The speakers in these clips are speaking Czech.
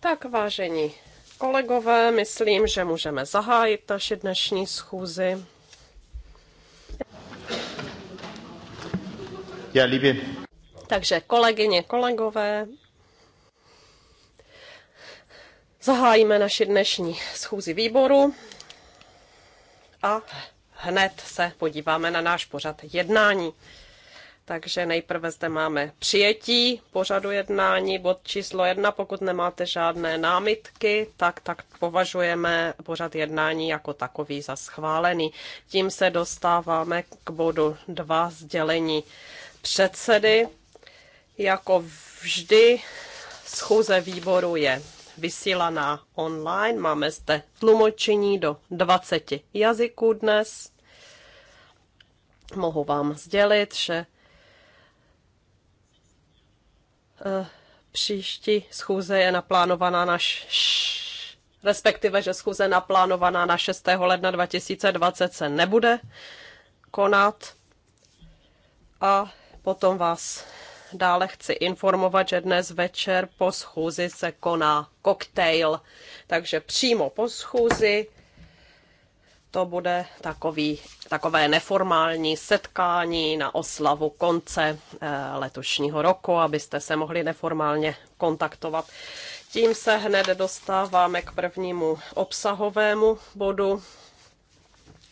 Tak vážení kolegové, myslím, že můžeme zahájit naši dnešní schůzi. Já líbě. Takže kolegyně, kolegové, zahájíme naši dnešní schůzi výboru a hned se podíváme na náš pořad jednání. Takže nejprve zde máme přijetí pořadu jednání, bod číslo jedna. Pokud nemáte žádné námitky, tak, tak považujeme pořad jednání jako takový za schválený. Tím se dostáváme k bodu dva sdělení předsedy. Jako vždy schůze výboru je vysílaná online. Máme zde tlumočení do 20 jazyků dnes. Mohu vám sdělit, že Eh, příští schůze je naplánovaná na š... respektive, že schůze naplánovaná na 6. ledna 2020 se nebude konat. A potom vás dále chci informovat, že dnes večer po schůzi se koná koktejl. Takže přímo po schůzi to bude takový, takové neformální setkání na oslavu konce eh, letošního roku, abyste se mohli neformálně kontaktovat. Tím se hned dostáváme k prvnímu obsahovému bodu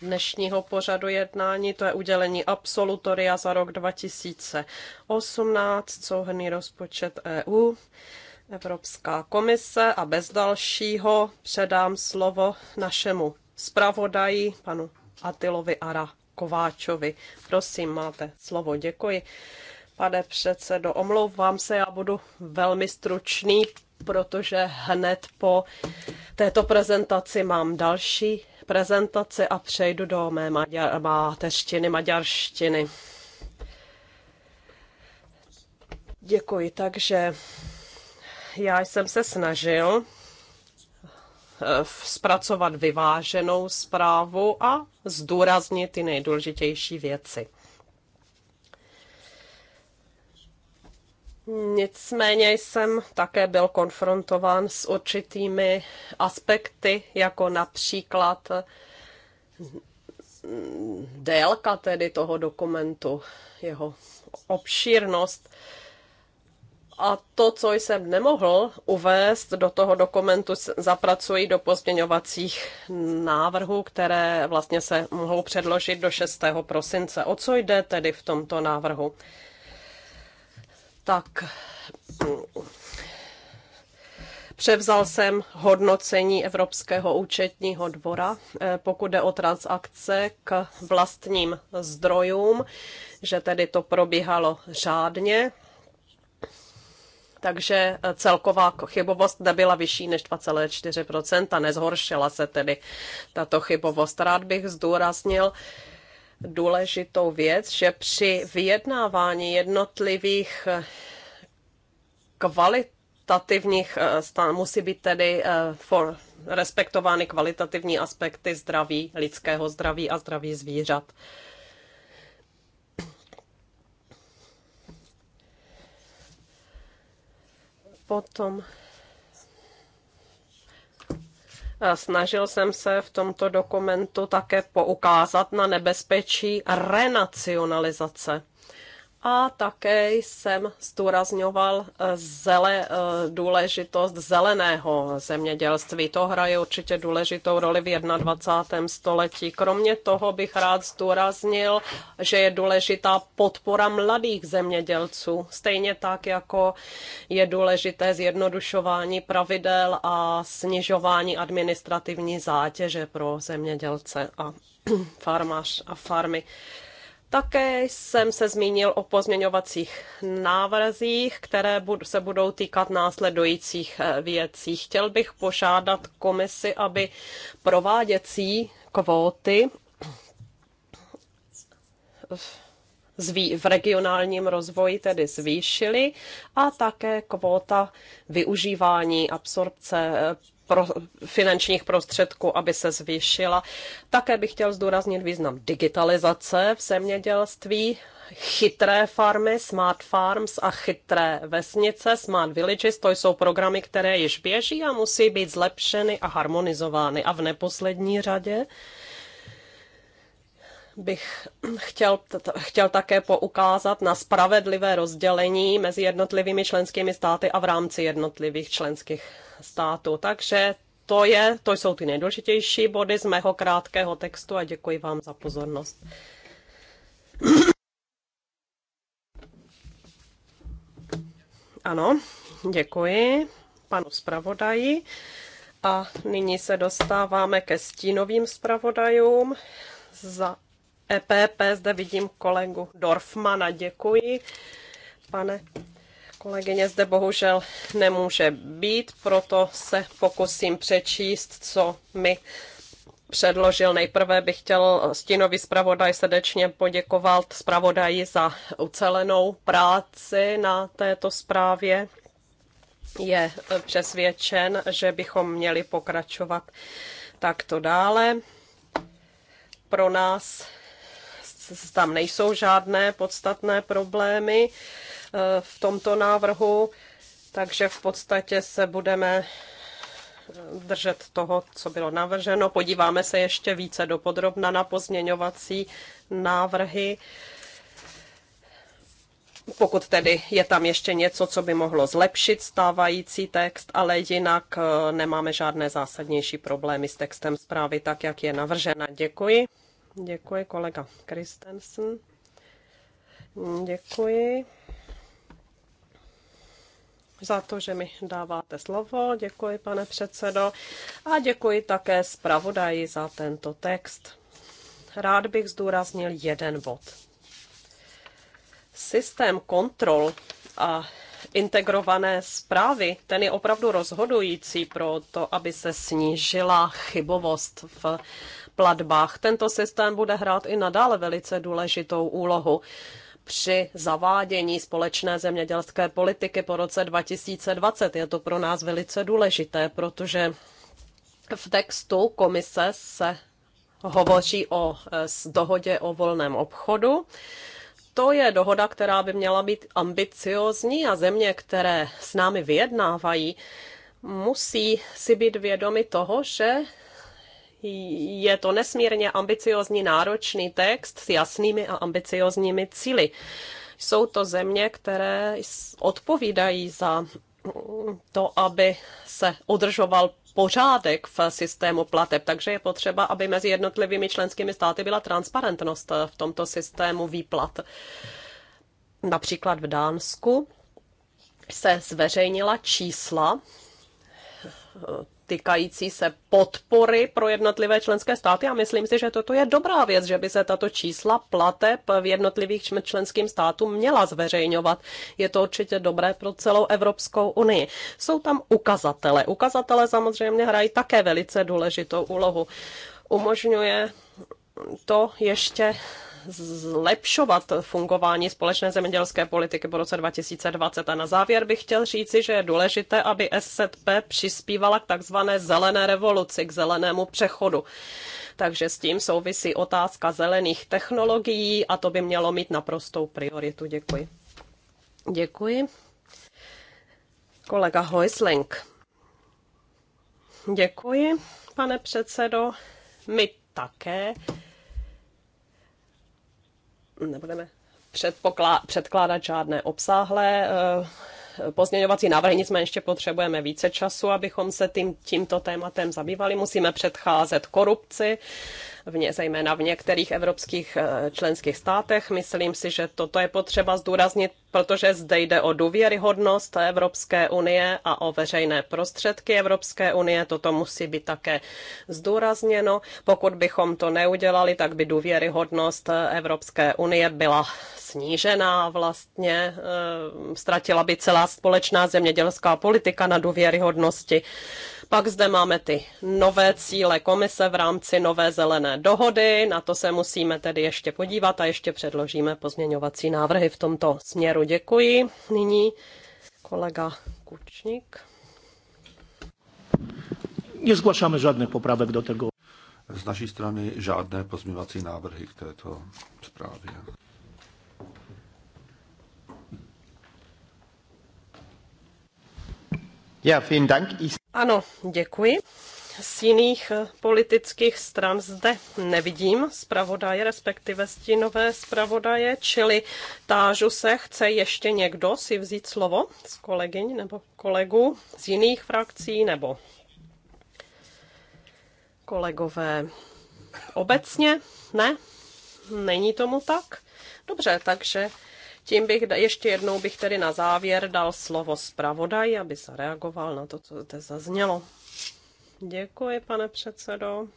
dnešního pořadu jednání, to je udělení absolutoria za rok 2018, souhrný rozpočet EU. Evropská komise a bez dalšího předám slovo našemu zpravodaji panu Atilovi Ara Kováčovi. Prosím, máte slovo. Děkuji. Pane předsedo, omlouvám se, já budu velmi stručný, protože hned po této prezentaci mám další prezentaci a přejdu do mé maďar, mateřštiny, maďarštiny. Děkuji, takže já jsem se snažil Eh, zpracovat vyváženou zprávu a zdůraznit ty nejdůležitější věci. Nicméně jsem také byl konfrontován s určitými aspekty, jako například délka tedy toho dokumentu, jeho obšírnost. A to, co jsem nemohl uvést do toho dokumentu, zapracuji do pozměňovacích návrhů, které vlastně se mohou předložit do 6. prosince. O co jde tedy v tomto návrhu? Tak Převzal jsem hodnocení Evropského účetního dvora, eh, pokud jde o transakce k vlastním zdrojům, že tedy to probíhalo řádně takže eh, celková chybovost nebyla vyšší než 2,4%, nezhoršila se tedy tato chybovost. Rád bych zdůraznil, důležitou věc, že při vyjednávání jednotlivých eh, kvalitativních eh, stan musí být tedy for, respektovány kvalitativní aspekty zdraví, lidského zdraví a zdraví zvířat. Potom snažil jsem se v tomto dokumentu také poukázat na nebezpečí renacionalizace a také jsem zdůrazňoval eh, zele, eh, důležitost zeleného zemědělství. To hraje určitě důležitou roli v 21. století. Kromě toho bych rád zdůraznil, že je důležitá podpora mladých zemědělců, stejně tak jako je důležité zjednodušování pravidel a snižování administrativní zátěže pro zemědělce a farmář a farmy. Také jsem se zmínil o pozměňovacích návrzích, které se budou týkat následujících eh, věcí. Chtěl bych požádat komisi, aby prováděcí kvóty v regionálním rozvoji tedy zvýšily a také kvóta využívání absorpce eh, pro, finančních prostředků, aby se zvýšila. Také bych chtěl zdůraznit význam digitalizace v zemědělství, chytré farmy, smart farms a chytré vesnice, smart villages, to jsou programy, které již běží a musí být zlepšeny a harmonizovány. A v neposlední řadě bych chtěl, chtěl také poukázat na spravedlivé rozdělení mezi jednotlivými členskými státy a v rámci jednotlivých členských států. Takže to, je, to jsou ty nejdůležitější body z mého krátkého textu a děkuji vám za pozornost. Ano, děkuji panu zpravodaji. A nyní se dostáváme ke stínovým zpravodajům. Za EPP, zde vidím kolegu Dorfmana, děkuji. Pane kolegyně zde bohužel nemůže být, proto se pokusím přečíst, co mi předložil. Nejprve bych chtěl stínový zpravodaj srdečně poděkovat zpravodaji za ucelenou práci na této zprávě. Je přesvědčen, že bychom měli pokračovat takto dále. Pro nás tam nejsou žádné podstatné problémy eh, v tomto návrhu, takže v podstatě se budeme eh, držet toho, co bylo navrženo. Podíváme se ještě více dopodrobna na pozměňovací návrhy. Pokud tedy je tam ještě něco, co by mohlo zlepšit stávající text, ale jinak eh, nemáme žádné zásadnější problémy s textem zprávy, tak jak je navržena. Děkuji. Děkuji kolega Kristensen. Děkuji za to, že mi dáváte slovo. Děkuji, pane předsedo. A děkuji také zpravodaji za tento text. Rád bych zdůraznil jeden bod. Systém kontrol a integrované zprávy, ten je opravdu rozhodující pro to, aby se snížila chybovost v platbách. Tento systém bude hrát i nadále velice důležitou úlohu při zavádění společné zemědělské politiky po roce 2020. Je to pro nás velice důležité, protože v textu komise se hovoří o e, s dohodě o volném obchodu. To je dohoda, která by měla být ambiciozní a země, které s námi vyjednávají, musí si být vědomi toho, že je to nesmírně ambiciozní, náročný text s jasnými a ambiciozními cíly. Jsou to země, které odpovídají za to, aby se udržoval pořádek v systému plateb, takže je potřeba, aby mezi jednotlivými členskými státy byla transparentnost v tomto systému výplat. Například v Dánsku se zveřejnila čísla týkající se podpory pro jednotlivé členské státy a myslím si, že toto je dobrá věc, že by se tato čísla plateb v jednotlivých členským státům měla zveřejňovat. Je to určitě dobré pro celou Evropskou unii. Jsou tam ukazatele. Ukazatele samozřejmě hrají také velice důležitou úlohu. Umožňuje to ještě zlepšovat fungování společné zemědělské politiky po roce 2020. A na závěr bych chtěl říci, že je důležité, aby SZP přispívala k takzvané zelené revoluci, k zelenému přechodu. Takže s tím souvisí otázka zelených technologií a to by mělo mít naprostou prioritu. Děkuji. Děkuji. Kolega Hoisling. Děkuji, pane předsedo. My také nebudeme předkládat žádné obsáhlé eh, pozměňovací návrhy, nicméně ještě potřebujeme více času, abychom se tím, tímto tématem zabývali. Musíme předcházet korupci v zejména v některých evropských eh, členských státech. Myslím si, že toto je potřeba zdůraznit, protože zde jde o důvěryhodnost Evropské unie a o veřejné prostředky Evropské unie. Toto musí být také zdůrazněno. Pokud bychom to neudělali, tak by důvěryhodnost eh, Evropské unie byla snížená vlastně. Eh, ztratila by celá společná zemědělská politika na důvěryhodnosti. Pak zde máme ty nové cíle komise v rámci nové zelené dohody. Na to se musíme tedy ještě podívat a ještě předložíme pozměňovací návrhy v tomto směru. Děkuji. Nyní kolega Kučník. Nie zgłaszamy popravek do tego. Z naší strany žádné pozměňovací návrhy k této zprávě. Ano, děkuji. Z jiných eh, politických stran zde nevidím zpravodaje, respektive stínové zpravodaje, čili tážu se, chce ještě někdo si vzít slovo z kolegyň nebo kolegů z jiných frakcí nebo kolegové obecně? Ne? Není tomu tak? Dobře, takže tím bych ještě jednou bych tedy na závěr dal slovo zpravodaj, aby se reagoval na to, co zde zaznělo. Děkuji, pane předsedo.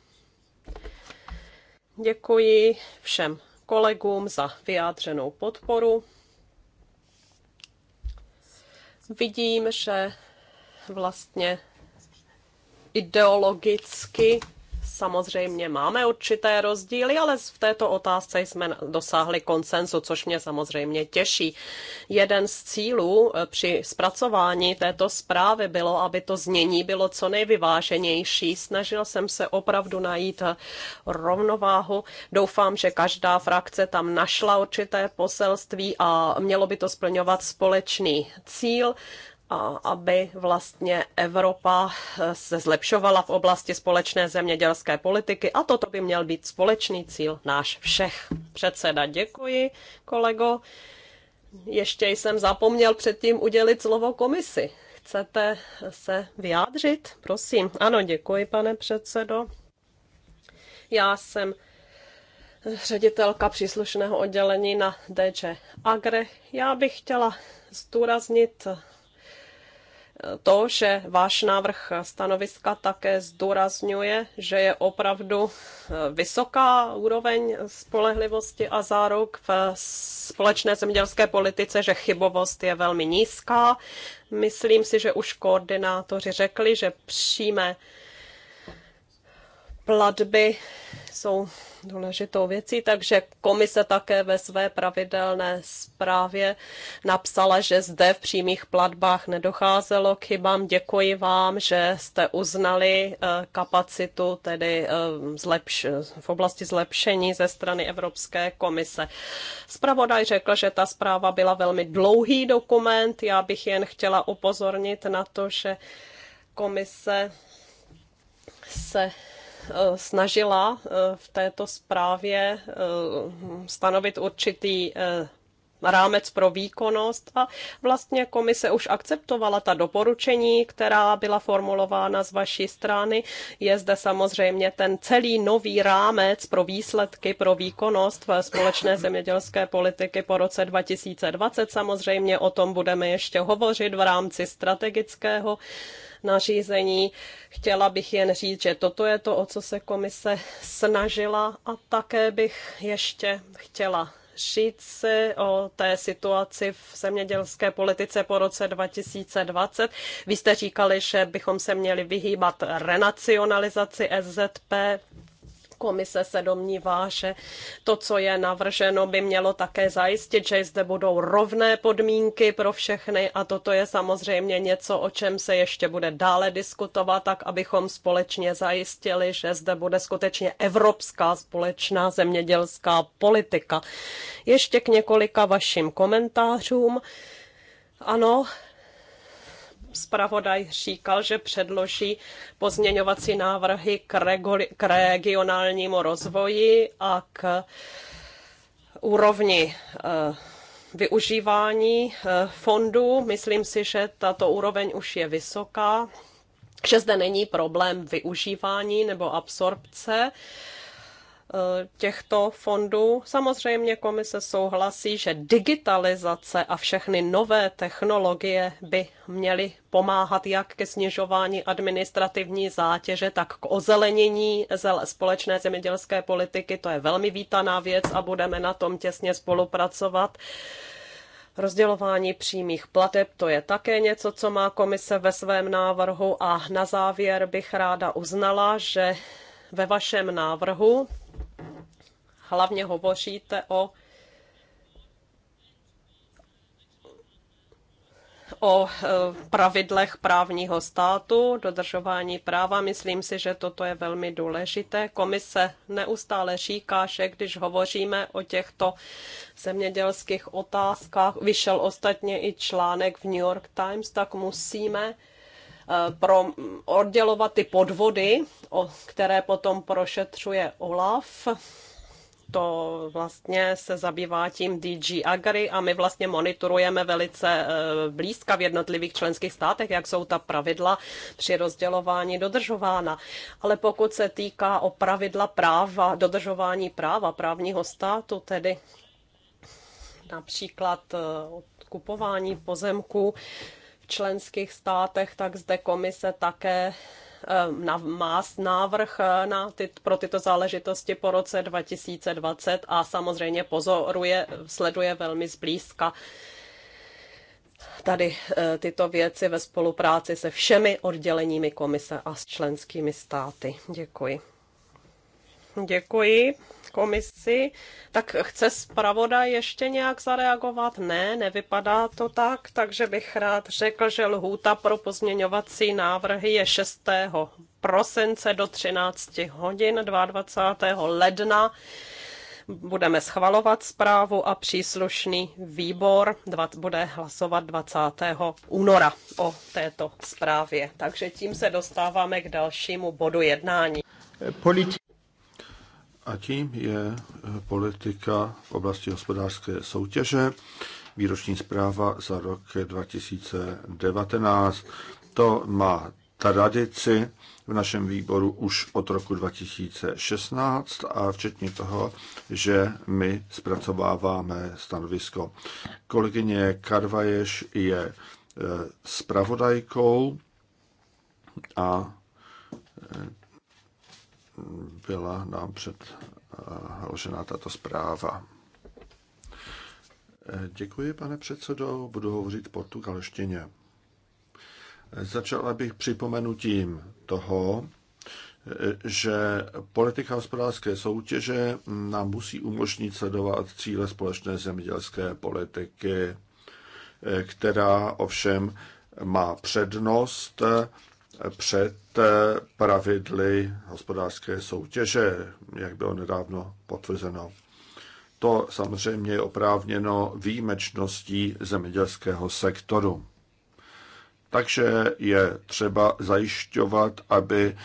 Děkuji všem kolegům za vyjádřenou podporu. Vidím, že vlastně ideologicky Samozřejmě máme určité rozdíly, ale v této otázce jsme dosáhli konsenzu, což mě samozřejmě těší. Jeden z cílů eh, při zpracování této zprávy bylo, aby to znění bylo co nejvyváženější. Snažil jsem se opravdu najít eh, rovnováhu. Doufám, že každá frakce tam našla určité poselství a mělo by to splňovat společný cíl a aby vlastně Evropa eh, se zlepšovala v oblasti společné zemědělské politiky a toto by měl být společný cíl náš všech. Předseda, děkuji, kolego. Ještě jsem zapomněl předtím udělit slovo komisi. Chcete se vyjádřit? Prosím. Ano, děkuji, pane předsedo. Já jsem ředitelka příslušného oddělení na DG Agre. Já bych chtěla zdůraznit to, že váš návrh stanoviska také zdůrazňuje, že je opravdu eh, vysoká úroveň spolehlivosti a záruk v společné zemědělské politice, že chybovost je velmi nízká. Myslím si, že už koordinátoři řekli, že přímé platby jsou důležitou věcí, takže komise také ve své pravidelné zprávě napsala, že zde v přímých platbách nedocházelo k chybám. Děkuji vám, že jste uznali eh, kapacitu tedy eh, zlepš- v oblasti zlepšení ze strany Evropské komise. Spravodaj řekl, že ta zpráva byla velmi dlouhý dokument. Já bych jen chtěla upozornit na to, že komise se Eh, snažila eh, v této zprávě eh, stanovit určitý rámec pro výkonnost a vlastně komise už akceptovala ta doporučení, která byla formulována z vaší strany. Je zde samozřejmě ten celý nový rámec pro výsledky, pro výkonnost v společné zemědělské politiky po roce 2020. Samozřejmě o tom budeme ještě hovořit v rámci strategického nařízení. Chtěla bych jen říct, že toto je to, o co se komise snažila a také bych ještě chtěla šít si o té situaci v zemědělské politice po roce 2020. Vy jste říkali, že bychom se měli vyhýbat renacionalizaci SZP, Komise se domnívá, že to, co je navrženo, by mělo také zajistit, že zde budou rovné podmínky pro všechny a toto je samozřejmě něco, o čem se ještě bude dále diskutovat, tak abychom společně zajistili, že zde bude skutečně evropská společná zemědělská politika. Ještě k několika vašim komentářům. Ano, zpravodaj říkal, že předloží pozměňovací návrhy k, regoli, k regionálnímu rozvoji a k úrovni eh, využívání eh, fondů. Myslím si, že tato úroveň už je vysoká, že zde není problém využívání nebo absorpce Eh, těchto fondů. Samozřejmě komise souhlasí, že digitalizace a všechny nové technologie by měly pomáhat jak ke snižování administrativní zátěže, tak k ozelenění společné zemědělské politiky. To je velmi vítaná věc a budeme na tom těsně spolupracovat. Rozdělování přímých plateb, to je také něco, co má komise ve svém návrhu a na závěr bych ráda uznala, že ve vašem návrhu hlavně hovoříte o o eh, pravidlech právního státu, dodržování práva. Myslím si, že toto je velmi důležité. Komise neustále říká, že když hovoříme o těchto zemědělských otázkách, vyšel ostatně i článek v New York Times, tak musíme eh, pro oddělovat ty podvody, o které potom prošetřuje OLAF to vlastně se zabývá tím DG Agri a my vlastně monitorujeme velice eh, blízka v jednotlivých členských státech, jak jsou ta pravidla při rozdělování dodržována. Ale pokud se týká o pravidla práva, dodržování práva právního státu, tedy například eh, kupování pozemků v členských státech, tak zde komise také Eh, na mást návrh eh, na ty, pro tyto záležitosti po roce 2020 a samozřejmě pozoruje, sleduje velmi zblízka tady eh, tyto věci ve spolupráci se všemi odděleními komise a s členskými státy. Děkuji. Děkuji komisi, tak chce zpravodaj ještě nějak zareagovat? Ne, nevypadá to tak, takže bych rád řekl, že lhůta pro pozměňovací návrhy je 6. prosince do 13 hodin 22. ledna budeme schvalovat zprávu a příslušný výbor bude hlasovat 20. února o této zprávě. Takže tím se dostáváme k dalšímu bodu jednání. Politi- a tím je eh, politika v oblasti hospodářské soutěže, výroční zpráva za rok 2019. To má tradici v našem výboru už od roku 2016 a včetně toho, že my zpracováváme stanovisko. Kolegyně Karvaješ je eh, zpravodajkou a eh, byla nám předložena eh, tato zpráva. Eh, děkuji, pane předsedo, budu hovořit portugalštině. Začala bych připomenutím toho, eh, že politika hospodářské soutěže nám musí umožnit sledovat cíle společné zemědělské politiky, která ovšem má přednost před pravidly hospodářské soutěže, jak bylo nedávno potvrzeno. To samozřejmě je oprávněno výjimečností zemědělského sektoru. Takže je třeba zajišťovat, aby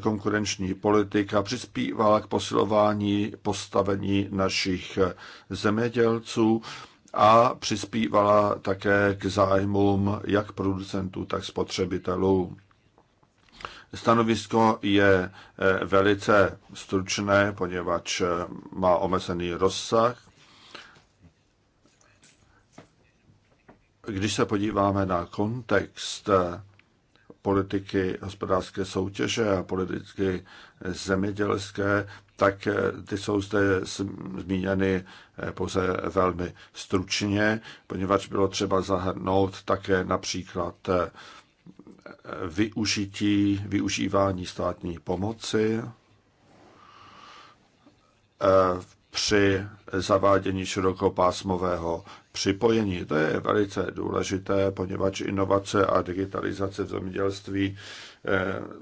konkurenční politika přispívala k posilování postavení našich zemědělců a přispívala také k zájmům jak producentů, tak spotřebitelů. Stanovisko je eh, velice stručné, poněvadž eh, má omezený rozsah. Když se podíváme na kontext eh, politiky hospodářské soutěže a politiky zemědělské, tak ty jsou zde zmíněny pouze velmi stručně, poněvadž bylo třeba zahrnout také například využití, využívání státní pomoci eh, při zavádění širokopásmového připojení. To je velice důležité, poněvadž inovace a digitalizace v zemědělství eh,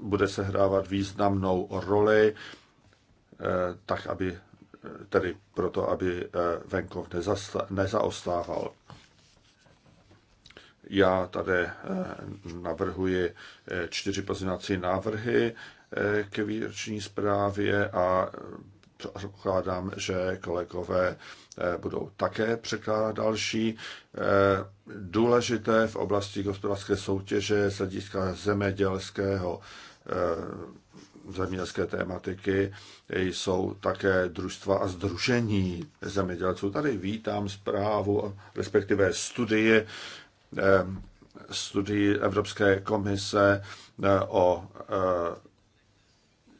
bude sehrávat významnou roli, eh, tak aby tedy proto, aby venkov nezaostával. Já tady eh, navrhuji eh, čtyři pozměňovací návrhy eh, k výroční zprávě a předpokládám, že kolegové budou také překládat další. Důležité v oblasti hospodářské soutěže z hlediska zemědělského zemědělské tématiky jsou také družstva a združení zemědělců. Tady vítám zprávu, respektive studie studii Evropské komise eh, o eh,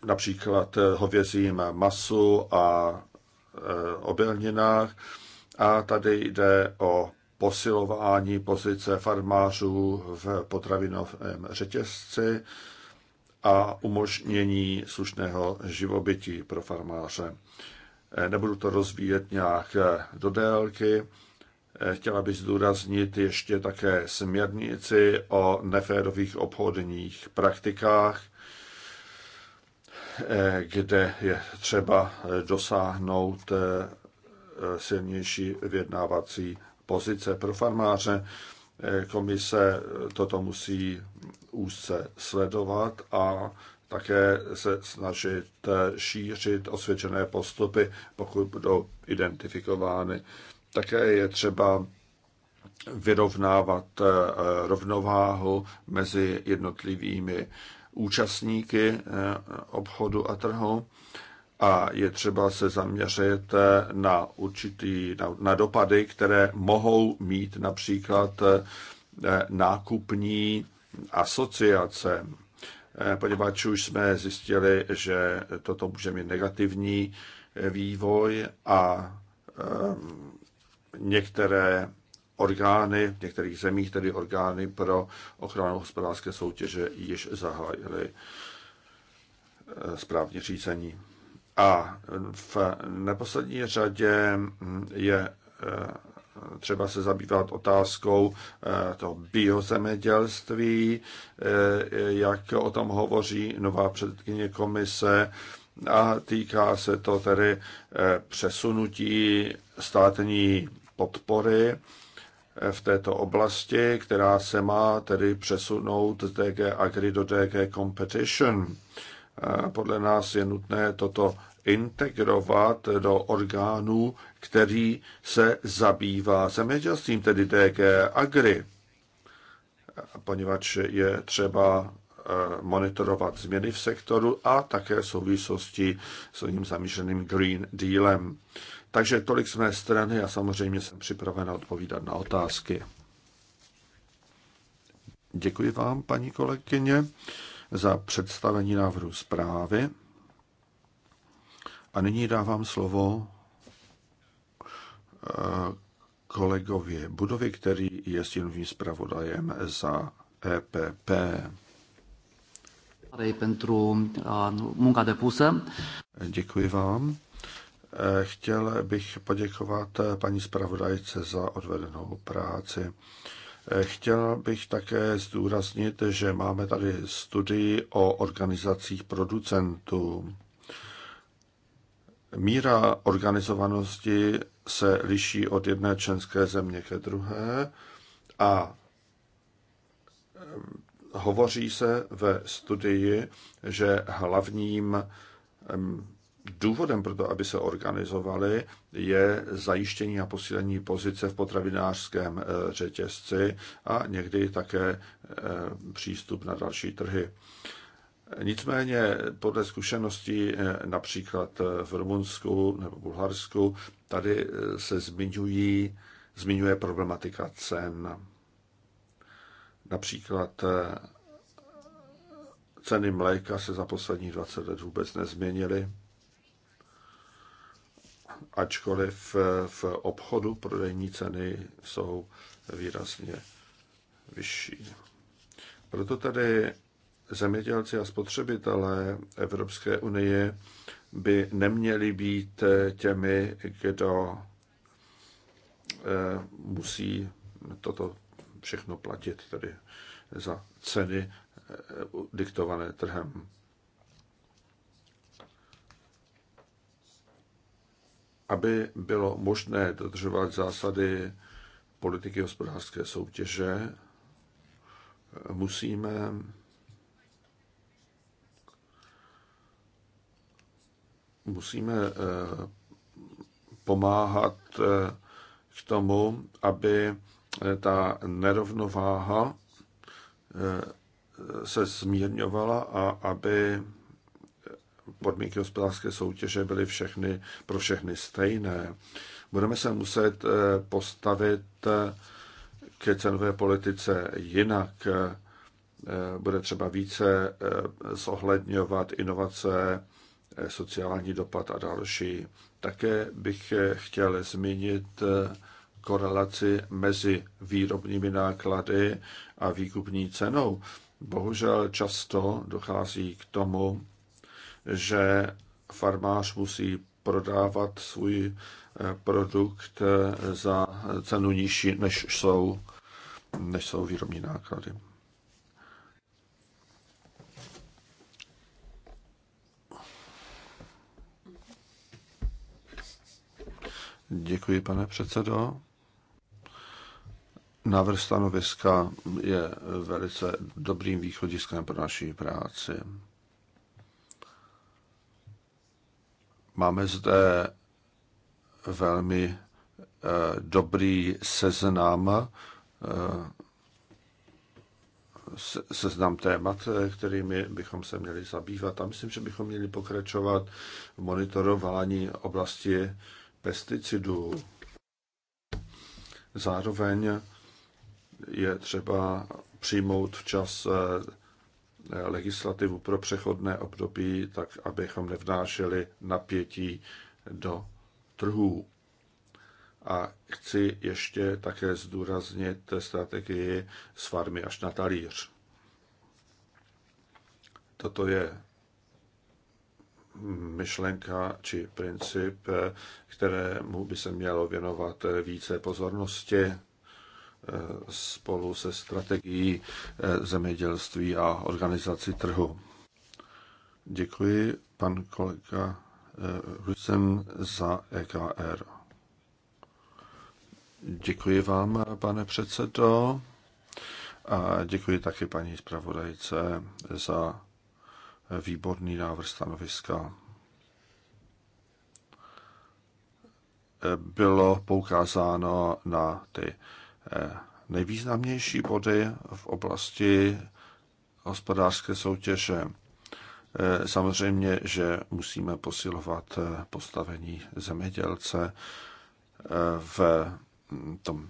například eh, hovězím masu a obilninách. A tady jde o posilování pozice farmářů v potravinovém řetězci a umožnění slušného živobytí pro farmáře. Nebudu to rozvíjet nějak do délky, Eh, chtěla bych zdůraznit ještě také směrnici o neférových obchodních praktikách, eh, kde je třeba eh, dosáhnout silnější vyjednávací pozice pro farmáře. Komise toto musí úzce sledovat a také se snažit šířit osvědčené postupy, pokud budou identifikovány. Také je třeba vyrovnávat eh, rovnováhu mezi jednotlivými účastníky eh, obchodu a trhu a je třeba se zaměřit eh, na určitý, na, na dopady, které mohou mít například nákupní asociace, poněvadž už jsme zjistili, že toto může mít negativní vývoj a některé orgány, v některých zemích tedy orgány pro ochranu hospodářské soutěže již zahájily eh, správně řízení. A v neposlední řadě hm, je eh, třeba se zabývat otázkou eh, toho biozemědělství, jak o tom hovoří nová předsedkyně komise, a týká se to tedy přesunutí státní podpory eh, v této oblasti, která se má tedy přesunout z DG Agri do DG Competition. Eh, podle nás je nutné toto integrovat do orgánu, který se zabývá zemědělstvím, tedy DG Agri, eh, poněvadž je třeba monitorovat změny v sektoru a také v souvislosti s ním zamýšleným Green Dealem. Takže tolik z mé strany a samozřejmě jsem připraven odpovídat na otázky. Děkuji vám, paní kolegyně, za představení návrhu zprávy. A nyní dávám slovo eh, kolegovi Budovi, který je stínovým zpravodajem za e eh, EPP. Děkuji vám. Chtěl bych poděkovat paní zpravodajce za odvedenou práci. Chtěl bych také zdůraznit, že máme tady studii o organizacích producentů. Míra organizovanosti se liší od jedné členské země ke druhé a hovoří se ve studii, že hlavním Důvodem pro to, aby se organizovali, je zajištění a posílení pozice v potravinářském eh, řetězci a někdy také eh, přístup na další trhy. Nicméně podle zkušeností eh, například v Rumunsku nebo Bulharsku, tady se zmiňují, zmiňuje problematika cen. Například ceny mléka se za posledních 20 let vůbec nezměnily ačkoliv eh, v obchodu prodejní ceny jsou výrazně vyšší. Proto tedy zemědělci a spotřebitelé Evropské unie by neměli být těmi, kdo eh, musí toto všechno platit, tedy za ceny eh, diktované trhem. aby bylo možné dodržovat zásady politiky hospodářské soutěže, musíme musíme eh, pomáhat eh, k tomu, aby eh, ta nerovnováha se zmírňovala a aby podmínky hospodářské soutěže byly všechny, pro všechny stejné. Budeme se muset eh, postavit eh, ke cenové politice jinak. Eh, bude třeba více zohledňovat inovace, sociální dopad a další. Také bych chtěl zmínit korelaci mezi výrobními náklady a výkupní cenou. Bohužel často dochází k tomu, že farmář musí prodávat svůj eh, produkt eh, za cenu nižší, než jsou, než jsou výrobní náklady. Děkuji, pane předsedo. Návrh stanoviska je velice dobrým východiskem pro naší práci. Máme zde velmi eh, dobrý seznam, eh, seznam témat, eh, kterými bychom se měli zabývat. A myslím, že bychom měli pokračovat v monitorování oblasti pesticidů. Zároveň je třeba přijmout včas legislativu pro přechodné období, tak abychom nevnášeli napětí do trhů. A chci ještě také zdůraznit strategii z farmy až na talíř. Toto je myšlenka či princip, kterému by se mělo věnovat více pozornosti Eh, spolu se strategií eh, zemědělství a organizací trhu. Děkuji pan kolega eh, Rusem za EKR. Děkuji vám, pane předsedo, a děkuji taky paní zpravodajce za výborný návrh stanoviska. Bylo poukázáno na ty nejvýznamnější body v oblasti hospodářské soutěže. Eh, samozřejmě, že musíme posilovat eh, postavení zemědělce eh, v mm, tom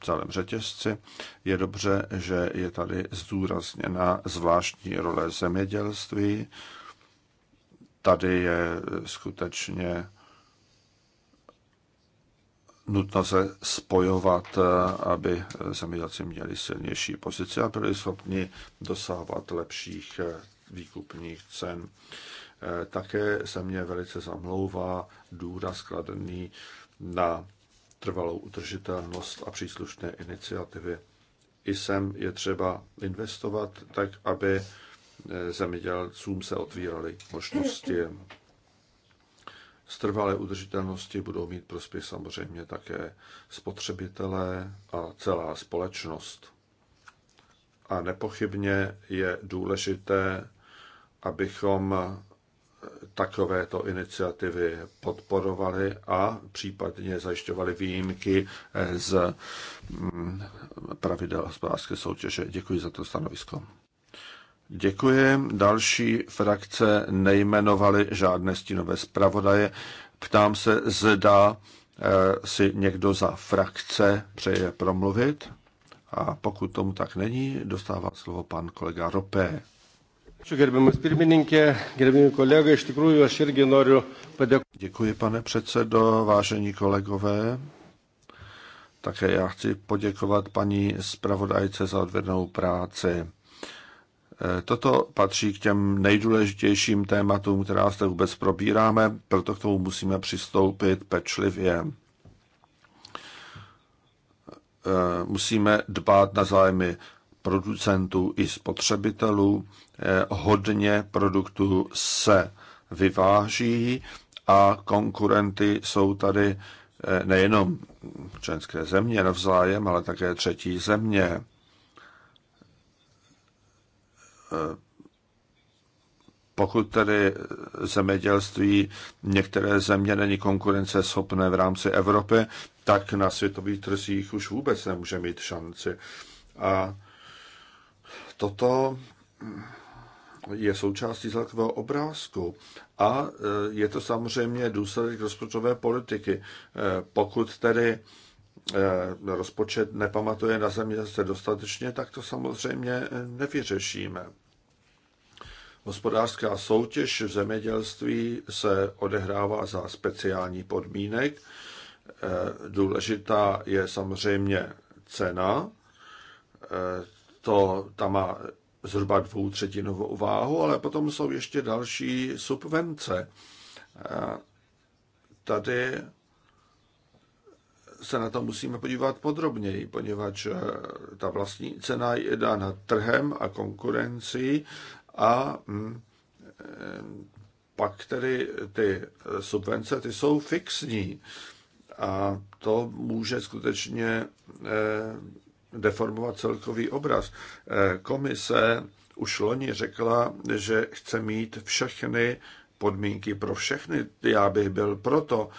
celém řetězci. Je dobře, že je tady zdůrazněna zvláštní role zemědělství. Tady je skutečně nutno se spojovat, eh, aby zemědělci měli silnější pozici a byli schopni dosávat lepších eh, výkupních cen. Eh, také se mě velice zamlouvá důraz kladený na trvalou udržitelnost a příslušné iniciativy. I sem je třeba investovat tak, aby zemědělcům se otvíraly možnosti z trvalé udržitelnosti budou mít prospěch samozřejmě také spotřebitelé a celá společnost. A nepochybně je důležité, abychom takovéto iniciativy podporovali a případně zajišťovali výjimky z mm, pravidel hospodářské soutěže. Děkuji za to stanovisko. Děkuji. Další frakce nejmenovali žádné stínové zpravodaje. Ptám se, zda eh, si někdo za frakce přeje promluvit. A pokud tomu tak není, dostává slovo pan kolega Ropé. Děkuji, pane předsedo, vážení kolegové. Také já chci poděkovat paní zpravodajce za odvednou práci. Toto patří k těm nejdůležitějším tématům, která zde vůbec probíráme, proto k tomu musíme přistoupit pečlivě. Eh, musíme dbát na zájmy producentů i spotřebitelů. Eh, hodně produktů se vyváží a konkurenty jsou tady eh, nejenom členské země navzájem, ale také třetí země pokud tedy zemědělství některé země není konkurenceschopné v rámci Evropy, tak na světových trzích už vůbec nemůže mít šanci. A toto je součástí celkového obrázku a e, je to samozřejmě důsledek rozpočtové politiky. E, pokud tedy Eh, rozpočet nepamatuje na se dostatečně, tak to samozřejmě nevyřešíme. Hospodářská soutěž v zemědělství se odehrává za speciální podmínek. Eh, důležitá je samozřejmě cena. Eh, to tam má zhruba dvoutřetinovou váhu, ale potom jsou ještě další subvence. Tady se na to musíme podívat podrobněji, poněvadž eh, ta vlastní cena je dána trhem a konkurencí a hm, eh, pak tedy ty eh, subvence, ty jsou fixní a to může skutečně deformovat celkový obraz. Komise už loni řekla, že chce mít všechny podmínky pro všechny. Já bych byl proto,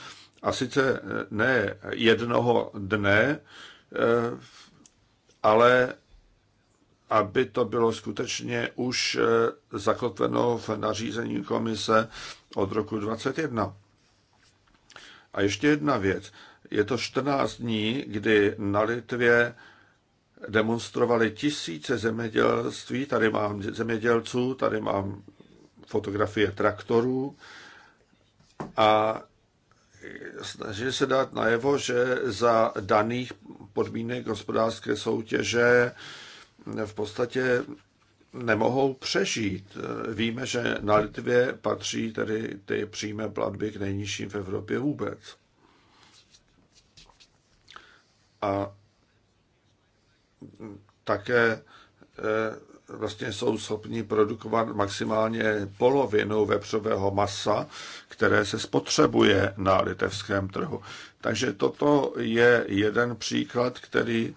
a sice eh, ne jednoho dne, eh, ale aby to bylo skutečně už eh, zakotveno v nařízení komise od roku 2021. A ještě jedna věc. Je to 14 dní, kdy na Litvě demonstrovali tisíce zemědělství. Tady mám zemědělců, tady mám fotografie traktorů. A snaží se dát najevo, že za daných podmínek hospodářské soutěže v podstatě nemohou přežít. Víme, že na Litvě patří tedy ty přímé platby k nejnižším v Evropě vůbec. A také eh, vlastně jsou schopni produkovat maximálně polovinu vepřového masa, které se spotřebuje na litevském trhu. Takže toto je jeden příklad, který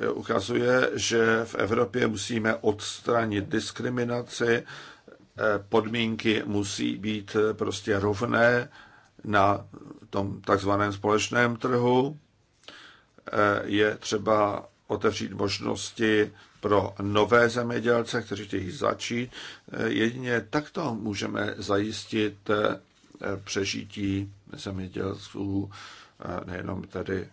eh, ukazuje, že v Evropě musíme odstranit diskriminaci, eh, podmínky musí být eh, prostě rovné na tom takzvaném společném trhu. Je třeba otevřít možnosti pro nové zemědělce, kteří chtějí začít. Eh, jedině takto můžeme zajistit eh, přežití zemědělců eh, nejenom tedy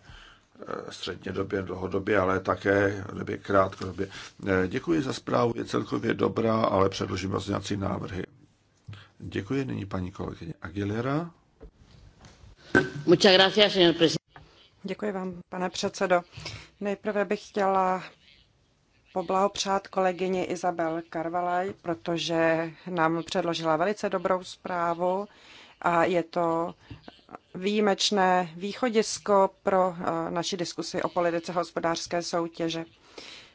středně době, dlouhodobě, ale také době krátkodobě. Děkuji za zprávu, je celkově dobrá, ale předložím rozňací návrhy. Děkuji nyní paní kolegyně Aguilera. Děkuji vám, pane předsedo. Nejprve bych chtěla poblahopřát kolegyně Izabel Karvalaj, protože nám předložila velice dobrou zprávu a je to výjimečné východisko pro eh, naši diskusi o politice hospodářské soutěže.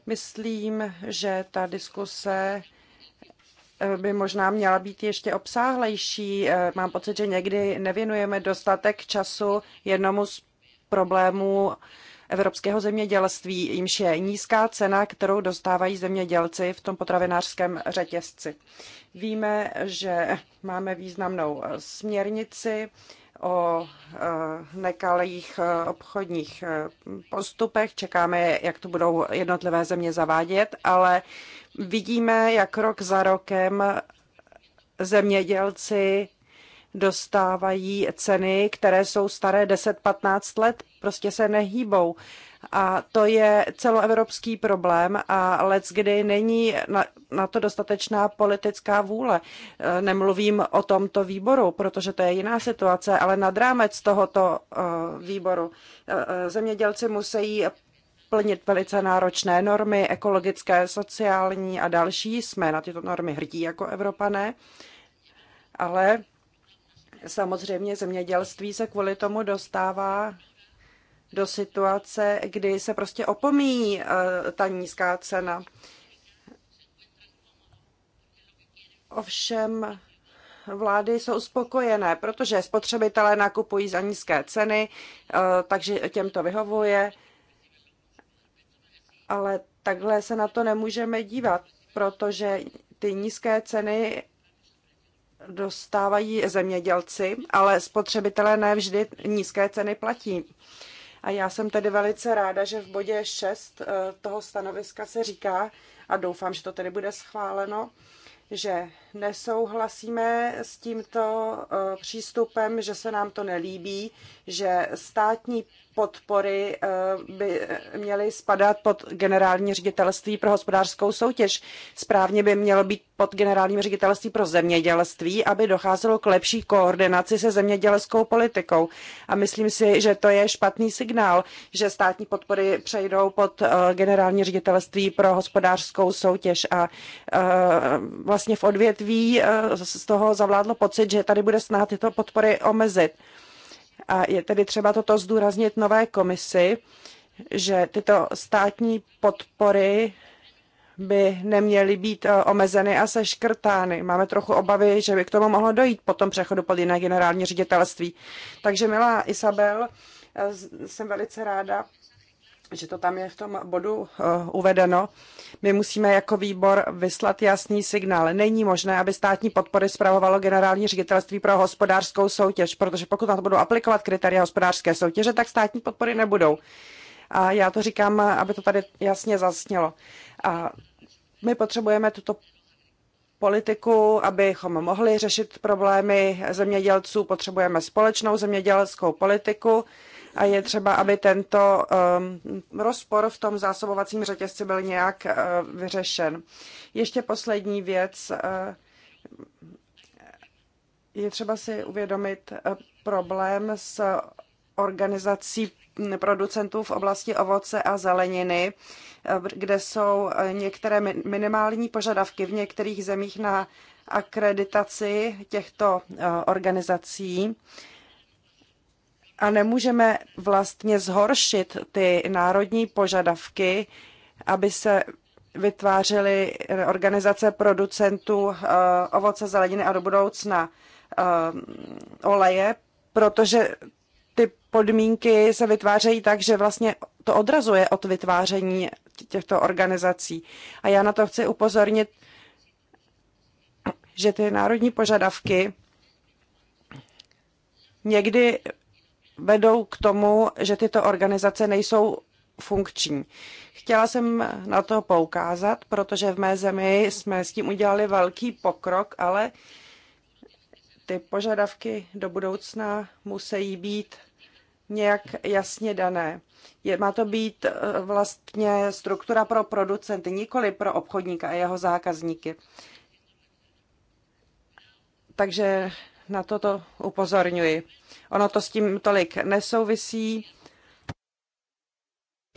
Myslím, že ta diskuse eh, by možná měla být ještě obsáhlejší. Eh, mám pocit, že někdy nevěnujeme dostatek času jednomu z problémů evropského zemědělství, jimž je nízká cena, kterou dostávají zemědělci v tom potravinářském řetězci. Víme, že máme významnou eh, směrnici o eh, nekalých eh, obchodních postupech. Čekáme, jak to budou jednotlivé země zavádět, ale vidíme, jak rok za rokem zemědělci dostávají ceny, které jsou staré 10-15 let, prostě se nehýbou. A to je celoevropský problém a let, kdy není na, na to dostatečná politická vůle. E, nemluvím o tomto výboru, protože to je jiná situace, ale nad rámec tohoto e, výboru e, zemědělci musí plnit velice náročné normy, ekologické, sociální a další. Jsme na tyto normy hrdí jako Evropané, ale Samozřejmě zemědělství se kvůli tomu dostává do situace, kdy se prostě opomíjí eh, ta nízká cena. Ovšem vlády jsou spokojené, protože spotřebitelé nakupují za nízké ceny, eh, takže těm to vyhovuje. Ale takhle se na to nemůžeme dívat, protože ty nízké ceny dostávají zemědělci, ale spotřebitelé ne vždy nízké ceny platí. A já jsem tedy velice ráda, že v bodě 6 eh, toho stanoviska se říká, a doufám, že to tedy bude schváleno, že nesouhlasíme s tímto eh, přístupem, že se nám to nelíbí, že státní podpory eh, by měly spadat pod generální ředitelství pro hospodářskou soutěž. Správně by mělo být pod generálním ředitelství pro zemědělství, aby docházelo k lepší koordinaci se zemědělskou politikou. A myslím si, že to je špatný signál, že státní podpory přejdou pod eh, generální ředitelství pro hospodářskou soutěž a vlastně v odvětví množství eh, z toho zavládlo pocit, že tady bude snad tyto podpory omezit. A je tedy třeba toto zdůraznit nové komisi, že tyto státní podpory by neměly být eh, omezeny a seškrtány. Máme trochu obavy, že by k tomu mohlo dojít po tom přechodu pod jiné generální ředitelství. Takže milá Isabel, eh, jsem velice ráda, že to tam je v tom bodu eh, uvedeno. My musíme jako výbor vyslat jasný signál. Není možné, aby státní podpory zpravovalo generální ředitelství pro hospodářskou soutěž, protože pokud na to budou aplikovat kritéria hospodářské soutěže, tak státní podpory nebudou. A já to říkám, aby to tady jasně zasnělo. A my potřebujeme tuto politiku, abychom mohli řešit problémy zemědělců, potřebujeme společnou zemědělskou politiku, a je třeba, aby tento um, rozpor v tom zásobovacím řetězci byl nějak uh, vyřešen. Ještě poslední věc. Uh, je třeba si uvědomit uh, problém s organizací producentů v oblasti ovoce a zeleniny, kde jsou některé minimální požadavky v některých zemích na akreditaci těchto organizací a nemůžeme vlastně zhoršit ty národní požadavky, aby se vytvářely organizace producentů eh, ovoce, zeleniny a do budoucna eh, oleje, protože ty podmínky se vytvářejí tak, že vlastně to odrazuje od vytváření těchto organizací. A já na to chci upozornit, že ty národní požadavky někdy vedou k tomu, že tyto organizace nejsou funkční. Chtěla jsem na to poukázat, protože v mé zemi jsme s tím udělali velký pokrok, ale ty požadavky do budoucna musí být nějak jasně dané. Je, má to být eh, vlastně struktura pro producenty, nikoli pro obchodníka a jeho zákazníky. Takže na toto upozorňuji. Ono to s tím tolik nesouvisí,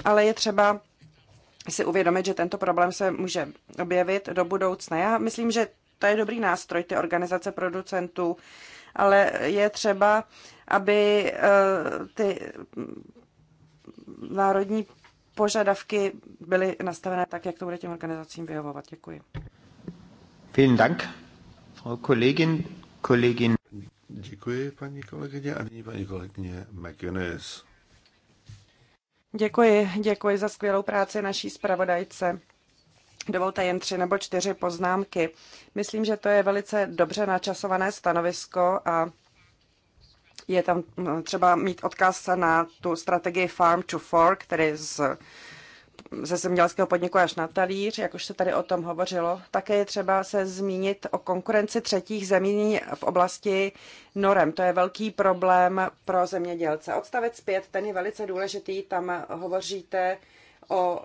ale je třeba si uvědomit, že tento problém se může objevit do budoucna. Já myslím, že to je dobrý nástroj, ty organizace producentů, ale je třeba, aby eh, ty národní požadavky byly nastavené tak, jak to bude těm organizacím vyhovovat. Děkuji. Vielen Dank, Frau Kollegin. Kollegin. Děkuji, paní kolegyně. A nyní paní kolegyně McInnes. Děkuji, děkuji za skvělou práci naší zpravodajce. Dovolte jen tři nebo čtyři poznámky. Myslím, že to je velice dobře načasované stanovisko a je tam třeba mít odkaz na tu strategii Farm to Fork, tedy z ze zemědělského podniku až na talíř, jak už se tady o tom hovořilo. Také je třeba se zmínit o konkurenci třetích zemí v oblasti norem. To je velký problém pro zemědělce. Odstavec 5, ten je velice důležitý, tam hovoříte o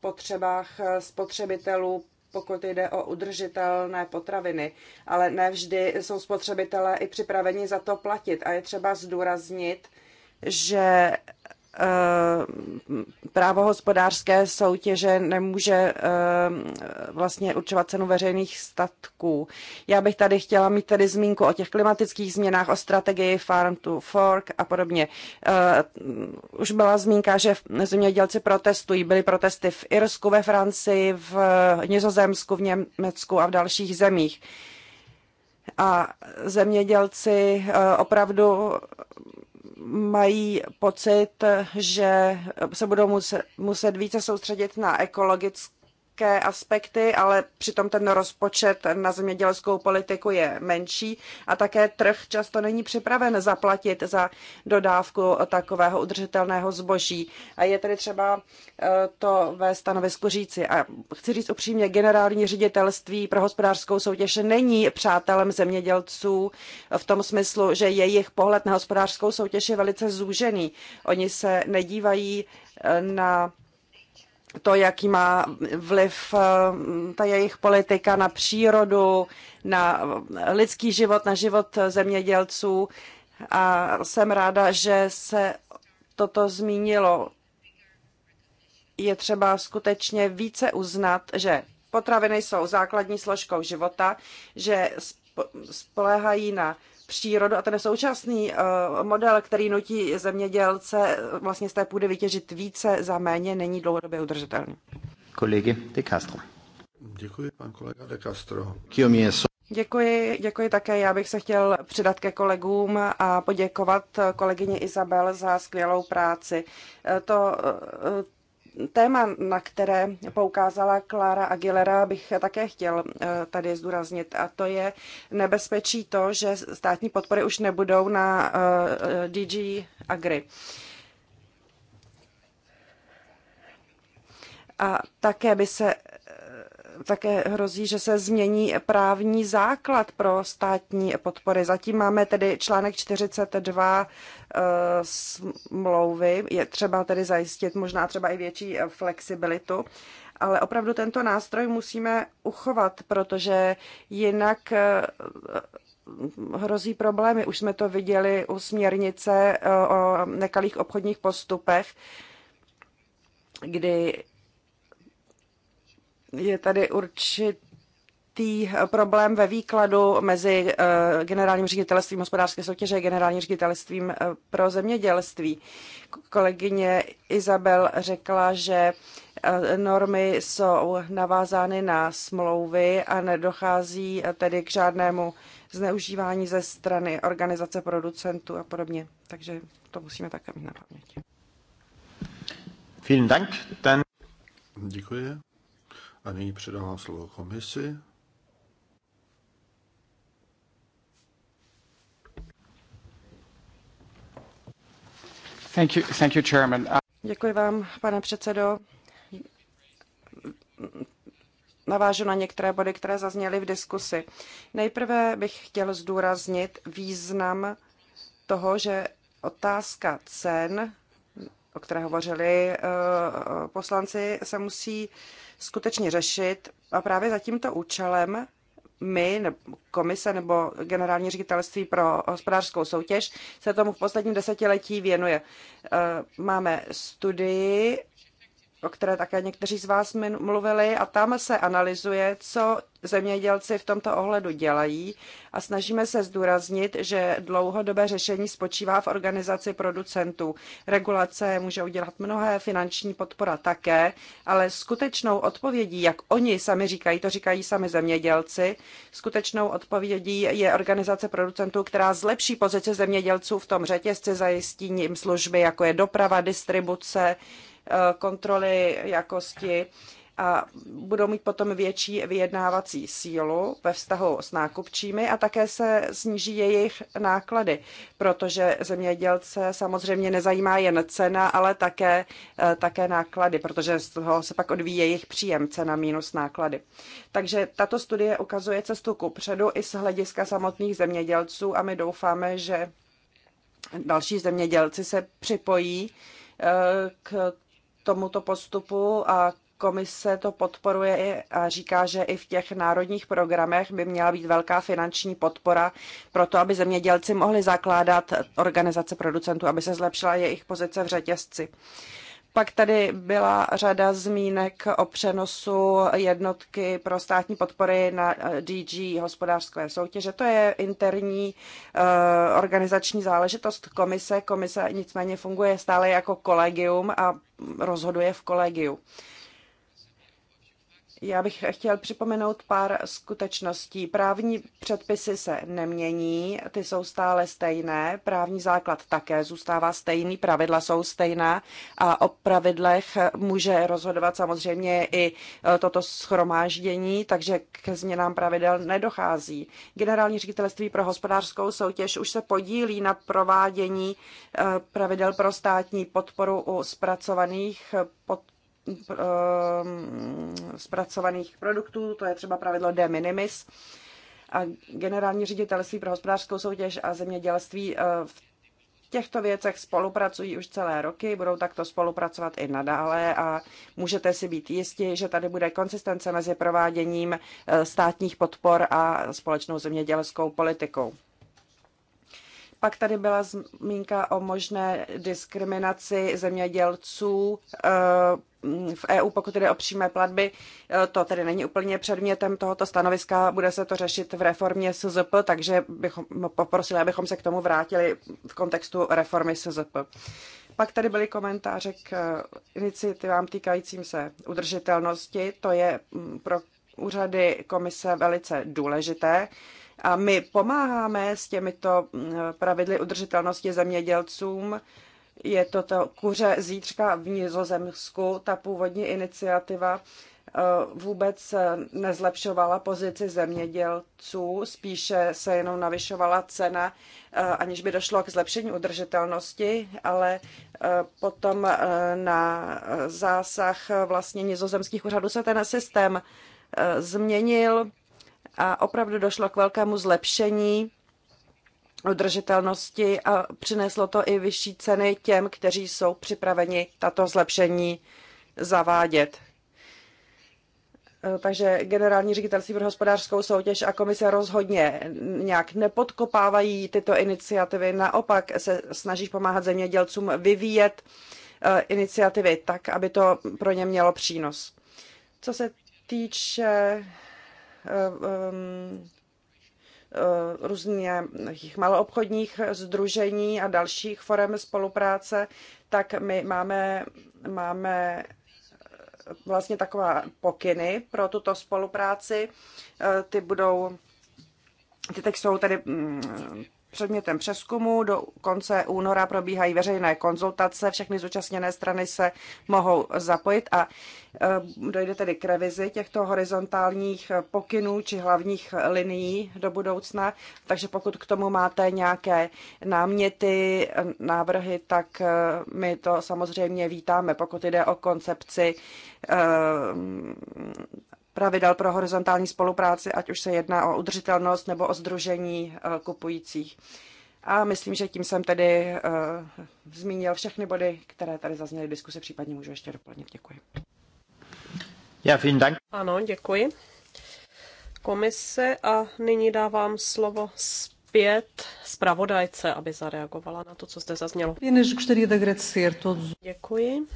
potřebách spotřebitelů, pokud jde o udržitelné potraviny, ale ne vždy jsou spotřebitelé i připraveni za to platit. A je třeba zdůraznit, že Eh, právo hospodářské soutěže nemůže eh, vlastně určovat cenu veřejných statků. Já bych tady chtěla mít tedy zmínku o těch klimatických změnách, o strategii Farm to Fork a podobně. Eh, už byla zmínka, že zemědělci protestují. Byly protesty v Irsku, ve Francii, v Nizozemsku, v Německu a v dalších zemích. A zemědělci opravdu mají pocit, že se budou muset, muset více soustředit na ekologické ekonomické aspekty, ale přitom ten rozpočet na zemědělskou politiku je menší a také trh často není připraven zaplatit za dodávku takového udržitelného zboží. A je tedy třeba eh, to ve stanovisku říci. A chci říct upřímně, generální ředitelství pro hospodářskou soutěž není přátelem zemědělců v tom smyslu, že jejich pohled na hospodářskou soutěž je velice zúžený. Oni se nedívají eh, na to, jaký má vliv eh, ta jejich politika na přírodu, na lidský život, na život zemědělců. A jsem ráda, že se toto zmínilo. Je třeba skutečně více uznat, že potraviny jsou základní složkou života, že spoléhají na přírodu a ten současný eh, model, který nutí zemědělce eh, vlastně z té půdy vytěžit více za méně, není dlouhodobě udržitelný. Kolegy de Castro. Děkuji, pan kolega de Castro. Děkuji, děkuji také. Já bych se chtěl přidat ke kolegům a poděkovat kolegyni Izabel za skvělou práci. Eh, to téma, na které poukázala Klára Aguilera, bych také chtěl eh, tady zdůraznit, a to je nebezpečí to, že státní podpory už nebudou na eh, DG Agri. A také by se také hrozí, že se změní právní základ pro státní podpory. Zatím máme tedy článek 42 eh, smlouvy. Je třeba tedy zajistit možná třeba i větší eh, flexibilitu. Ale opravdu tento nástroj musíme uchovat, protože jinak eh, hrozí problémy. Už jsme to viděli u směrnice o nekalých obchodních postupech, kdy je tady určitý eh, problém ve výkladu mezi eh, generálním ředitelstvím hospodářské soutěže a generálním ředitelstvím eh, pro zemědělství. Kolegyně Izabel řekla, že normy jsou navázány na smlouvy a nedochází tedy k žádnému zneužívání ze strany organizace producentů a podobně. Takže to musíme také mít na paměti. Vielen Dank. Děkuji. A nyní předávám slovo komisi. Thank you, thank you, chairman. Uh, Děkuji vám, pane předsedo. Navážu na některé body, které zazněly v diskusi. Nejprve bych chtěl zdůraznit význam toho, že otázka cen o které hovořili eh, eh, poslanci, se musí skutečně řešit. A právě za tímto účelem my, nebo komise nebo generální ředitelství pro hospodářskou soutěž se tomu v posledním desetiletí věnuje. Eh, máme studii o které také někteří z vás mluvili, a tam se analyzuje, co zemědělci v tomto ohledu dělají a snažíme se zdůraznit, že dlouhodobé řešení spočívá v organizaci producentů. Regulace může udělat mnohé, finanční podpora také, ale skutečnou odpovědí, jak oni sami říkají, to říkají sami zemědělci, skutečnou odpovědí je organizace producentů, která zlepší pozici zemědělců v tom řetězci, zajistí jim služby, jako je doprava, distribuce, Eh, kontroly jakosti a budou mít potom větší vyjednávací sílu ve vztahu s nákupčími a také se sníží jejich náklady, protože zemědělce samozřejmě nezajímá jen cena, ale také, eh, také náklady, protože z toho se pak odvíjí jejich příjem, cena minus náklady. Takže tato studie ukazuje cestu ku předu i z hlediska samotných zemědělců a my doufáme, že další zemědělci se připojí eh, k tomuto postupu a komise to podporuje a říká, že i v těch národních programech by měla být velká finanční podpora pro to, aby zemědělci mohli zakládat organizace producentů, aby se zlepšila jejich pozice v řetězci. Pak tady byla řada zmínek o přenosu jednotky pro státní podpory na eh, DG hospodářské soutěže. To je interní eh, organizační záležitost komise. Komise nicméně funguje stále jako kolegium a rozhoduje v kolegiu. Já bych chtěl připomenout pár skutečností. Právní předpisy se nemění, ty jsou stále stejné, právní základ také zůstává stejný, pravidla jsou stejná a o pravidlech může rozhodovat samozřejmě i e, toto schromáždění, takže ke změnám pravidel nedochází. Generální ředitelství pro hospodářskou soutěž už se podílí na provádění e, pravidel pro státní podporu u zpracovaných Um, zpracovaných produktů, to je třeba pravidlo de minimis. A generální ředitelství pro hospodářskou soutěž a zemědělství uh, v těchto věcech spolupracují už celé roky, budou takto spolupracovat i nadále a můžete si být jisti, že tady bude konsistence mezi prováděním uh, státních podpor a společnou zemědělskou politikou. Pak tady byla zmínka o možné diskriminaci zemědělců eh, v EU, pokud jde o přímé platby. Eh, to tedy není úplně předmětem tohoto stanoviska, bude se to řešit v reformě SZP, takže bychom no, poprosili, abychom se k tomu vrátili v kontextu reformy SZP. Pak tady byly komentáře k eh, iniciativám týkajícím se udržitelnosti. To je mm, pro úřady komise velice důležité. A my pomáháme s těmito mm, pravidly udržitelnosti zemědělcům. Je to to kuře zítřka v Nizozemsku, ta původní iniciativa eh, vůbec eh, nezlepšovala pozici zemědělců, spíše se jenom navyšovala cena, eh, aniž by došlo k zlepšení udržitelnosti, ale potom na zásah vlastně nizozemských úřadů se ten systém změnil a opravdu došlo k velkému zlepšení udržitelnosti a přineslo to i vyšší ceny těm, kteří jsou připraveni tato zlepšení zavádět. E, takže generální ředitelství pro hospodářskou soutěž a komise rozhodně nějak nepodkopávají tyto iniciativy, naopak se snaží pomáhat zemědělcům vyvíjet e, iniciativy tak, aby to pro ně mělo přínos. Co se týče Eh, eh, eh, různých maloobchodních združení a dalších forem spolupráce, tak my máme, máme vlastně taková pokyny pro tuto spolupráci. Ty budou ty teď jsou tady mm, předmětem přeskumu. Do konce února probíhají veřejné konzultace, všechny zúčastněné strany se mohou zapojit a eh, dojde tedy k revizi těchto horizontálních pokynů či hlavních linií do budoucna. Takže pokud k tomu máte nějaké náměty, návrhy, tak eh, my to samozřejmě vítáme, pokud jde o koncepci eh, pravidel pro horizontální spolupráci, ať už se jedná o udržitelnost nebo o združení eh, kupujících. A myslím, že tím jsem tedy uh, zmínil všechny body, které tady zazněly v diskuse, případně můžu ještě doplnit. Děkuji. Já vielen Dank. Ano, děkuji. Komise a nyní dávám slovo zpět zpravodajce, aby zareagovala na to, co zde zaznělo. Děkuji.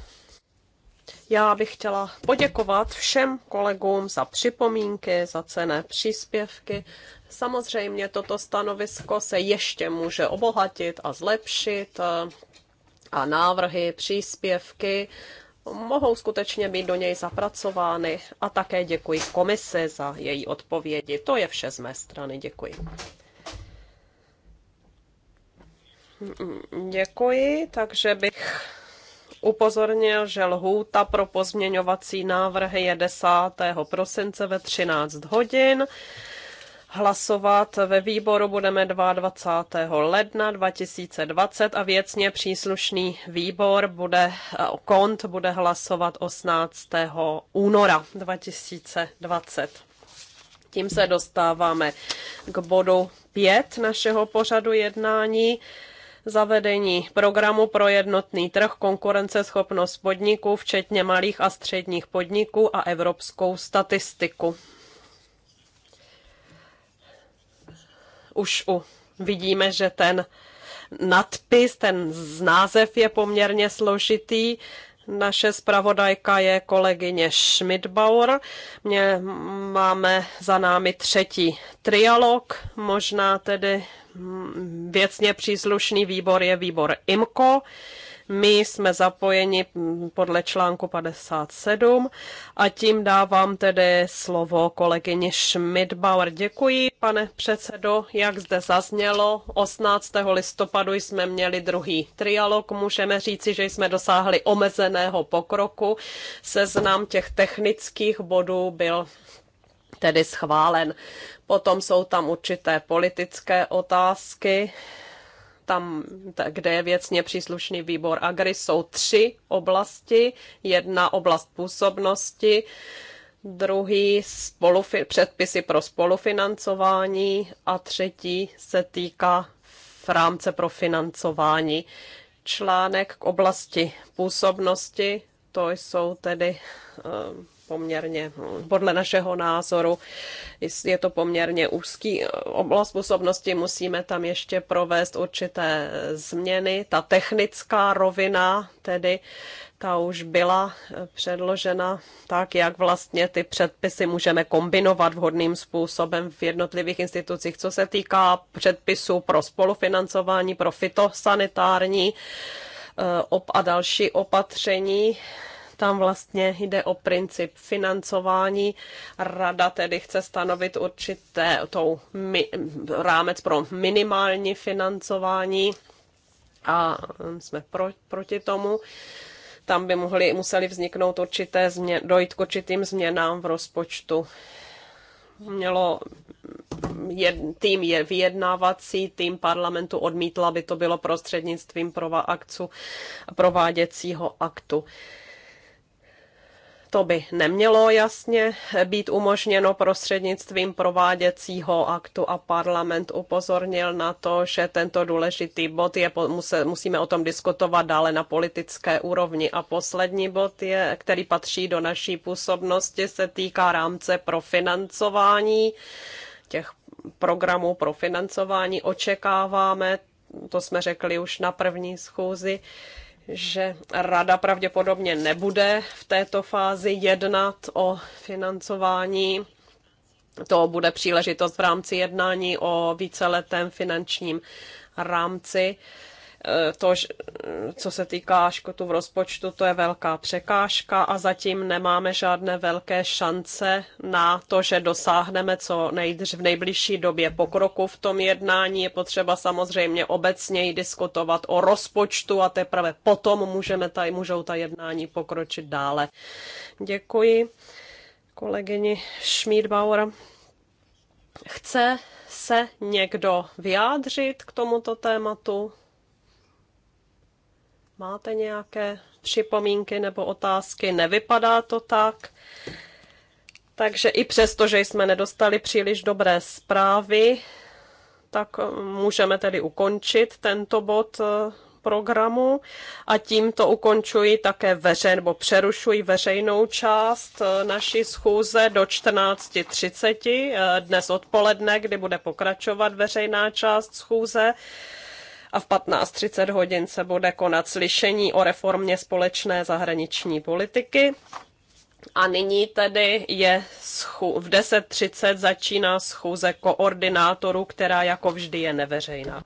Já bych chtěla poděkovat všem kolegům za připomínky, za cené příspěvky. Samozřejmě toto stanovisko se ještě může obohatit a zlepšit eh, a návrhy, příspěvky mohou skutečně být do něj zapracovány a také děkuji komisi za její odpovědi. To je vše z mé strany. Děkuji. Děkuji, takže bych upozornil, že lhůta pro pozměňovací návrhy je 10. prosince ve 13 hodin. Hlasovat ve výboru budeme 22. ledna 2020 a věcně příslušný výbor bude, eh, kont bude hlasovat 18. února 2020. Tím se dostáváme k bodu 5 našeho pořadu jednání zavedení programu pro jednotný trh, konkurenceschopnost podniků, včetně malých a středních podniků a evropskou statistiku. Už u, vidíme, že ten nadpis, ten název je poměrně složitý. Naše zpravodajka je kolegyně Schmidbauer. Mě máme za námi třetí trialog, možná tedy věcně příslušný výbor je výbor IMCO. My jsme zapojeni podle článku 57 a tím dávám tedy slovo kolegyně Schmidbauer. Děkuji, pane předsedo. Jak zde zaznělo, 18. listopadu jsme měli druhý trialog. Můžeme říci, že jsme dosáhli omezeného pokroku. Seznam těch technických bodů byl tedy schválen. Potom jsou tam určité politické otázky, tam, kde je věcně příslušný výbor Agri, jsou tři oblasti. Jedna oblast působnosti, druhý spolufi- předpisy pro spolufinancování a třetí se týká v rámce pro financování. Článek k oblasti působnosti, to jsou tedy um, poměrně, podle našeho názoru, je to poměrně úzký oblast působnosti, musíme tam ještě provést určité změny. Ta technická rovina, tedy ta už byla předložena tak, jak vlastně ty předpisy můžeme kombinovat vhodným způsobem v jednotlivých institucích. Co se týká předpisů pro spolufinancování, pro fitosanitární eh, op a další opatření, tam vlastně jde o princip financování. Rada tedy chce stanovit určité tou mi, rámec pro minimální financování a jsme pro, proti tomu tam by mohly, museli vzniknout určité změ, dojít k určitým změnám v rozpočtu. Mělo jed, tým je vyjednávací, tým parlamentu odmítla, aby to bylo prostřednictvím prova akcu, prováděcího aktu. Uh, to by nemělo jasně být umožněno prostřednictvím prováděcího aktu a parlament upozornil na to, že tento důležitý bod je, musíme o tom diskutovat dále na politické úrovni. A poslední bod, je, který patří do naší působnosti, se týká rámce pro financování těch programů pro financování. Očekáváme, to jsme řekli už na první schůzi, že rada pravděpodobně nebude v této fázi jednat o financování. To bude příležitost v rámci jednání o víceletém finančním rámci. Eh, to, co se týká škotu v rozpočtu, to je velká překážka a zatím nemáme žádné velké šance na to, že dosáhneme co nejdřív v nejbližší době pokroku v tom jednání. Je potřeba samozřejmě obecněji diskutovat o rozpočtu a teprve potom můžeme tady, můžou ta jednání pokročit dále. Děkuji kolegyni Schmidbauer. Chce se někdo vyjádřit k tomuto tématu? Máte nějaké připomínky nebo otázky? Nevypadá to tak. Takže i přesto, že jsme nedostali příliš dobré zprávy, tak eh, můžeme tedy ukončit tento bod eh, programu a tímto ukončuji také veřejnou, nebo přerušuji veřejnou část eh, naší schůze do 14.30 dnes odpoledne, kdy bude pokračovat veřejná část schůze a v 15.30 hodin se bude konat slyšení o reformě společné zahraniční politiky. A nyní tedy je schu- v 10.30 začíná schůze koordinátorů, která jako vždy je neveřejná.